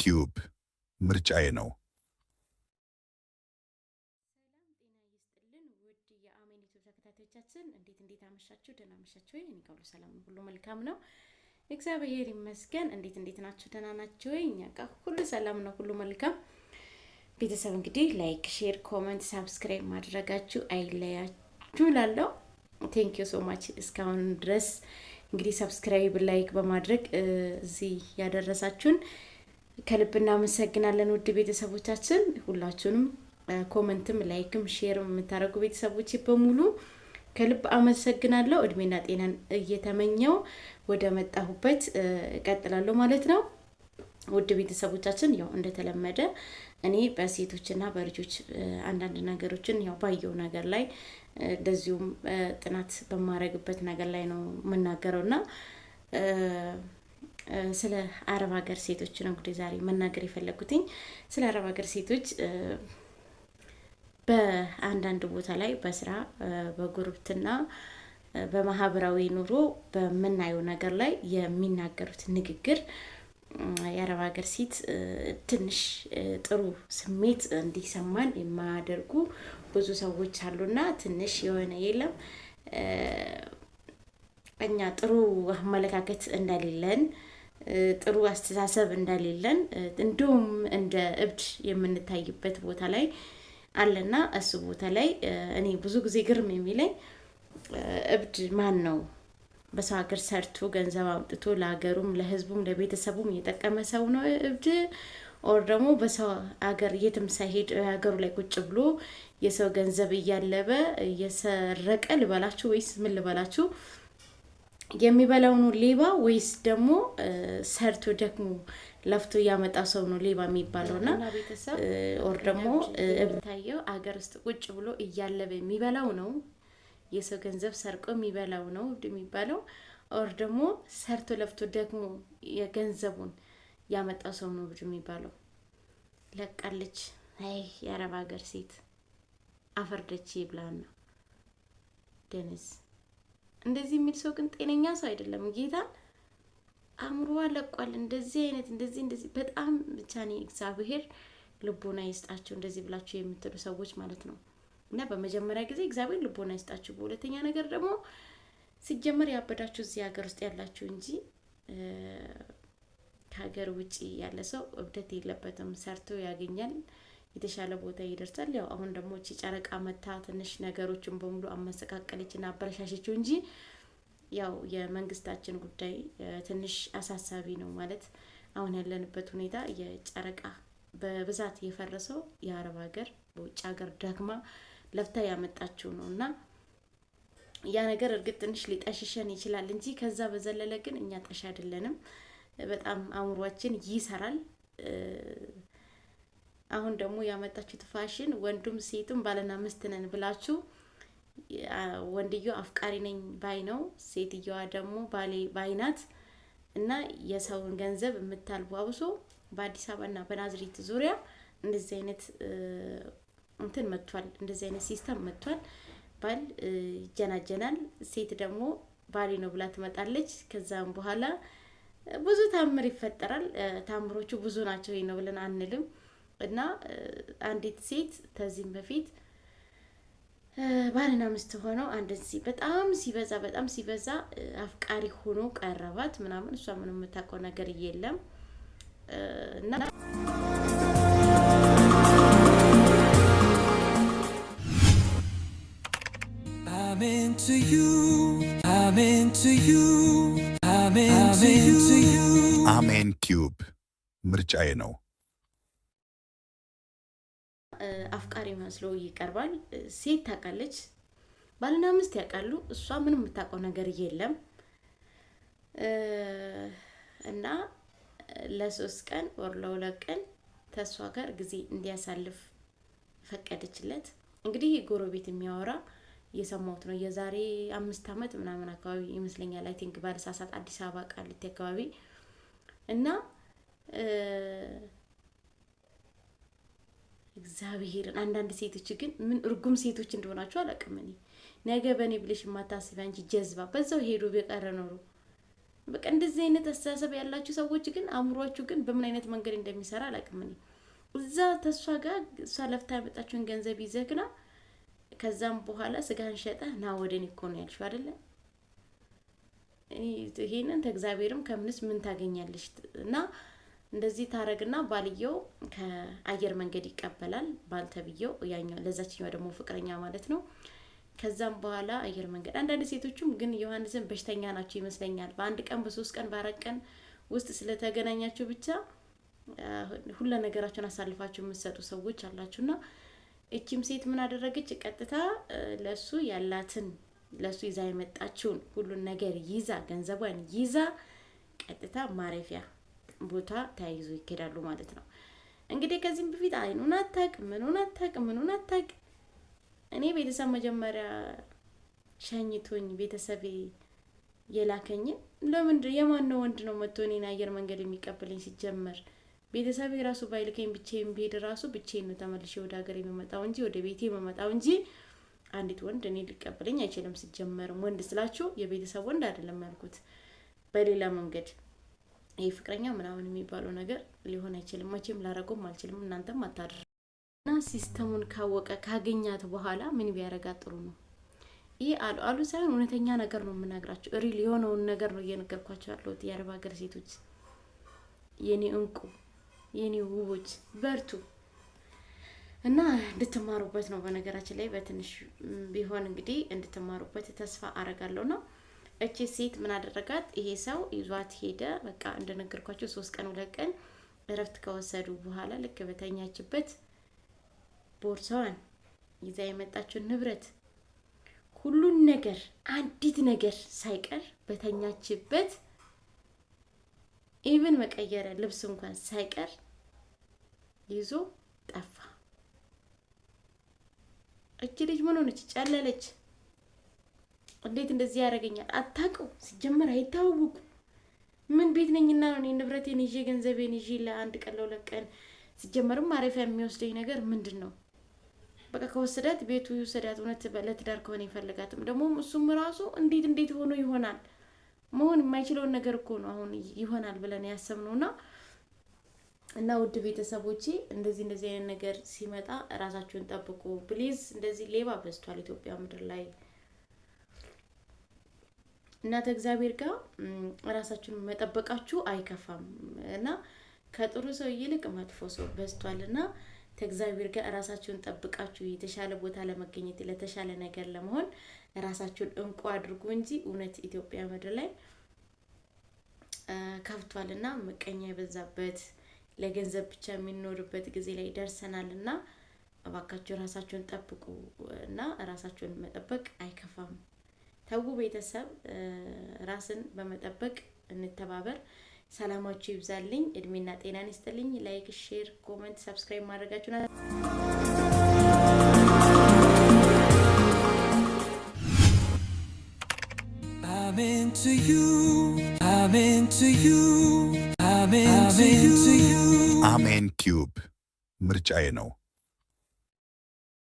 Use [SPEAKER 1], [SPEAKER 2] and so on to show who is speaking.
[SPEAKER 1] ዩቲዩብ ምርጫዬ ነው። ተመልካቾቻችን እንዴት እንዴት አመሻችሁ? ደህና አመሻችሁ ወይ? እኔ ጋር ሁሉ ሰላም ነው፣ ሁሉ መልካም ነው፣ እግዚአብሔር ይመስገን። እንዴት እንዴት ናችሁ? ደህና ናችሁ ወይ? እኛ ጋር ሁሉ ሰላም ነው፣ ሁሉ መልካም። ቤተሰብ እንግዲህ ላይክ፣ ሼር፣ ኮመንት፣ ሳብስክራይብ ማድረጋችሁ አይለያችሁ እላለሁ። ቴንክ ዩ ሶ ማች እስካሁን ድረስ እንግዲህ ሰብስክራይብ፣ ላይክ በማድረግ እዚህ ያደረሳችሁን ከልብ እናመሰግናለን ውድ ቤተሰቦቻችን ሁላችሁንም ኮመንትም ላይክም ሼርም የምታደርጉ ቤተሰቦች በሙሉ ከልብ አመሰግናለሁ። እድሜና ጤናን እየተመኘው ወደ መጣሁበት እቀጥላለሁ ማለት ነው። ውድ ቤተሰቦቻችን ያው እንደተለመደ እኔ በሴቶችና በልጆች አንዳንድ ነገሮችን ያው ባየው ነገር ላይ እንደዚሁም ጥናት በማድረግበት ነገር ላይ ነው የምናገረው እና። ስለ አረብ ሀገር ሴቶች ነው እንግዲህ ዛሬ መናገር የፈለጉትኝ። ስለ አረብ ሀገር ሴቶች በአንዳንድ ቦታ ላይ በስራ በጉርብትና በማህበራዊ ኑሮ በምናየው ነገር ላይ የሚናገሩት ንግግር የአረብ ሀገር ሴት ትንሽ ጥሩ ስሜት እንዲሰማን የማያደርጉ ብዙ ሰዎች አሉና ትንሽ የሆነ የለም እኛ ጥሩ አመለካከት እንደሌለን ጥሩ አስተሳሰብ እንደሌለን እንዲሁም እንደ እብድ የምንታይበት ቦታ ላይ አለና እሱ ቦታ ላይ እኔ ብዙ ጊዜ ግርም የሚለኝ እብድ ማን ነው? በሰው ሀገር ሰርቶ ገንዘብ አምጥቶ ለሀገሩም ለሕዝቡም ለቤተሰቡም እየጠቀመ ሰው ነው እብድ ኦር ደግሞ በሰው ሀገር የትም ሳይሄድ ሀገሩ ላይ ቁጭ ብሎ የሰው ገንዘብ እያለበ እየሰረቀ ልበላችሁ ወይስ ምን ልበላችሁ? የሚበላውኑ ሌባ ወይስ ደግሞ ሰርቶ ደክሞ ለፍቶ እያመጣ ሰው ነው ሌባ የሚባለው? ና ኦር ደግሞ እብታየው አገር ውስጥ ቁጭ ብሎ እያለበ የሚበላው ነው የሰው ገንዘብ ሰርቆ የሚበላው ነው የሚባለው? ኦር ደግሞ ሰርቶ ለፍቶ ደግሞ የገንዘቡን ያመጣው ሰው ነው ብድ የሚባለው? ለቃለች። አይ የአረብ ሀገር ሴት አፈርደች ይብላና ደነዝ እንደዚህ የሚል ሰው ግን ጤነኛ ሰው አይደለም። ጌታ አእምሮዋ ለቋል። እንደዚህ አይነት እንደዚህ እንደዚህ በጣም ብቻ እኔ እግዚአብሔር ልቦና ይስጣቸው እንደዚህ ብላችሁ የምትሉ ሰዎች ማለት ነው። እና በመጀመሪያ ጊዜ እግዚአብሔር ልቦና ይስጣችሁ። በሁለተኛ ነገር ደግሞ ሲጀመር ያበዳችሁ እዚህ ሀገር ውስጥ ያላችሁ እንጂ ከሀገር ውጭ ያለ ሰው እብደት የለበትም። ሰርቶ ያገኛል። የተሻለ ቦታ ይደርሳል። ያው አሁን ደግሞ እቺ ጨረቃ መታ ትንሽ ነገሮችን በሙሉ አመሰቃቀለችና አበረሻሸችው እንጂ ያው የመንግስታችን ጉዳይ ትንሽ አሳሳቢ ነው ማለት አሁን ያለንበት ሁኔታ የጨረቃ በብዛት የፈረሰው የአረብ ሀገር በውጭ ሀገር ዳግማ ለፍታ ያመጣችው ነው እና ያ ነገር እርግጥ ትንሽ ሊጠሽሸን ይችላል እንጂ ከዛ በዘለለ ግን እኛ ጠሽ አይደለንም። በጣም አእምሯችን ይሰራል። አሁን ደግሞ ያመጣችሁት ፋሽን ወንዱም ሴቱም ባልና ሚስት ነን ብላችሁ ወንድየው አፍቃሪ ነኝ ባይ ነው፣ ሴትየዋ ደግሞ ባሌ ባይ ናት እና የሰውን ገንዘብ የምታልቧብሶ በአዲስ አበባና በናዝሬት ዙሪያ እንደዚህ አይነት እንትን መጥቷል። እንደዚህ አይነት ሲስተም መጥቷል። ባል ይጀናጀናል፣ ሴት ደግሞ ባሌ ነው ብላ ትመጣለች። ከዛም በኋላ ብዙ ታምር ይፈጠራል። ታምሮቹ ብዙ ናቸው ነው ብለን አንልም። እና አንዲት ሴት ከዚህም በፊት ባልና ሚስት ሆነው አንድ በጣም ሲበዛ በጣም ሲበዛ አፍቃሪ ሆኖ ቀረባት ምናምን። እሷ ምንም የምታውቀው ነገር የለም እና
[SPEAKER 2] አሜን ቲዩብ ምርጫዬ ነው።
[SPEAKER 1] አፍቃሪ መስሎ ይቀርባል። ሴት ታውቃለች፣ ባልና ሚስት ያውቃሉ። እሷ ምንም የምታውቀው ነገር የለም እና ለሶስት ቀን ወር ለሁለት ቀን ተሷ ጋር ጊዜ እንዲያሳልፍ ፈቀደችለት። እንግዲህ ጎረቤት የሚያወራ እየሰማሁት ነው። የዛሬ አምስት ዓመት ምናምን አካባቢ ይመስለኛል። አይ ቲንክ ባለሳሳት አዲስ አበባ ቃሊቲ አካባቢ እና እግዚአብሔርን አንዳንድ ሴቶች ግን ምን እርጉም ሴቶች እንደሆናቸው አላውቅም። እኔ ነገ በእኔ ብለሽ የማታስቢ አንቺ ጀዝባ በዛው ሄዶ በቀረ ኖሮ በቃ እንደዚህ አይነት አስተሳሰብ ያላችሁ ሰዎች ግን አእምሯችሁ ግን በምን አይነት መንገድ እንደሚሰራ አላውቅም። እኔ እዛ ተሷ ጋር እሷ ለፍታ ያመጣችሁን ገንዘብ ይዘግና ከዛም በኋላ ስጋን ሸጠ ና ወደ እኔ እኮ ነው ያልሽው አይደለ? ይሄንን ተእግዚአብሔርም ከምንስ ምን ታገኛለሽ እና እንደዚህ ታረግና ባልየው ከአየር መንገድ ይቀበላል። ባልተብየው ያኛው ለዛችኛው ደግሞ ፍቅረኛ ማለት ነው። ከዛም በኋላ አየር መንገድ አንዳንድ ሴቶችም ግን ዮሐንስን በሽተኛ ናቸው ይመስለኛል። በአንድ ቀን በሶስት ቀን በአራት ቀን ውስጥ ስለተገናኛችሁ ብቻ ሁለ ነገራችሁን አሳልፋችሁ የምትሰጡ ሰዎች አላችሁና እቺም ሴት ምን አደረገች? ቀጥታ ለሱ ያላትን ለሱ ይዛ የመጣችውን ሁሉን ነገር ይዛ ገንዘቧን ይዛ ቀጥታ ማረፊያ ቦታ ተያይዞ ይኬዳሉ ማለት ነው። እንግዲህ ከዚህም በፊት አይኑን አታቅ ምኑን አታቅ ምኑን አታቅ እኔ ቤተሰብ መጀመሪያ ሸኝቶኝ ቤተሰቤ የላከኝን ለምንድን የማነው ወንድ ነው መጥቶ እኔን አየር መንገድ የሚቀበለኝ? ሲጀመር ቤተሰቤ ራሱ ባይልከኝ ብቻዬን ብሄድ ራሱ ብቻዬን ነው ተመልሼ ወደ ሀገር የምመጣው እንጂ ወደ ቤቴ የምመጣው እንጂ አንዲት ወንድ እኔ ሊቀበለኝ አይችልም። ሲጀመርም ወንድ ስላችሁ የቤተሰብ ወንድ አይደለም ያልኩት በሌላ መንገድ ይህ ፍቅረኛ ምናምን የሚባለው ነገር ሊሆን አይችልም። መቼም ላረጎም አልችልም። እናንተም አታድር እና ሲስተሙን ካወቀ ካገኛት በኋላ ምን ቢያረጋት ጥሩ ነው? ይህ አሉ አሉ ሳይሆን እውነተኛ ነገር ነው የምናግራቸው። ሪል የሆነውን ነገር ነው እየነገርኳቸው ያለሁት። የአረብ ሀገር ሴቶች የኔ እንቁ የኔ ውቦች በርቱ እና እንድትማሩበት ነው። በነገራችን ላይ በትንሽ ቢሆን እንግዲህ እንድትማሩበት ተስፋ አረጋለሁ ነው እቺ ሴት ምን አደረጋት? ይሄ ሰው ይዟት ሄደ። በቃ እንደነገርኳቸው ሶስት ቀን ሁለት ቀን እረፍት ከወሰዱ በኋላ ልክ በተኛችበት ቦርሳዋን ይዛ የመጣችው ንብረት ሁሉን ነገር አንዲት ነገር ሳይቀር በተኛችበት ኢቭን መቀየረ ልብስ እንኳን ሳይቀር ይዞ ጠፋ። እች ልጅ ምን ሆነች? ጨለለች። እንዴት እንደዚህ ያደርገኛል? አታውቀው ሲጀመር አይታወቁ ምን ቤት ነኝና ነው እኔ ንብረቴን ይዤ ገንዘቤን ይዤ ለአንድ ቀን ለሁለት ቀን ሲጀመርም ማረፊያ የሚወስደኝ ነገር ምንድን ነው? በቃ ከወሰዳት ቤቱ ይውሰዳት። እውነት ለትዳር ከሆነ ይፈልጋትም ደግሞ እሱም ራሱ እንዴት እንዴት ሆኖ ይሆናል መሆን የማይችለውን ነገር እኮ ነው አሁን ይሆናል ብለን ያሰብነው እና እና ውድ ቤተሰቦቼ እንደዚህ እንደዚህ አይነት ነገር ሲመጣ እራሳችሁን ጠብቁ ፕሊዝ። እንደዚህ ሌባ በዝቷል ኢትዮጵያ ምድር ላይ እናተ እግዚአብሔር ጋር ራሳችሁን መጠበቃችሁ አይከፋም እና ከጥሩ ሰው ይልቅ መጥፎ ሰው በዝቷል እና ከእግዚአብሔር ጋር ራሳችሁን ጠብቃችሁ የተሻለ ቦታ ለመገኘት ለተሻለ ነገር ለመሆን ራሳችሁን እንቁ አድርጉ እንጂ እውነት ኢትዮጵያ ምድር ላይ ከፍቷል እና ምቀኛ የበዛበት ለገንዘብ ብቻ የሚኖርበት ጊዜ ላይ ደርሰናል እና እባካችሁ ራሳችሁን ጠብቁ እና ራሳችሁን መጠበቅ አይከፋም። ተዉ ቤተሰብ፣ ራስን በመጠበቅ እንተባበር። ሰላማችሁ ይብዛልኝ፣ እድሜና ጤናን ይስጥልኝ። ላይክ፣ ሼር፣ ኮሜንት፣ ሰብስክራይብ ማድረጋችሁን into you. ምርጫዬ ነው።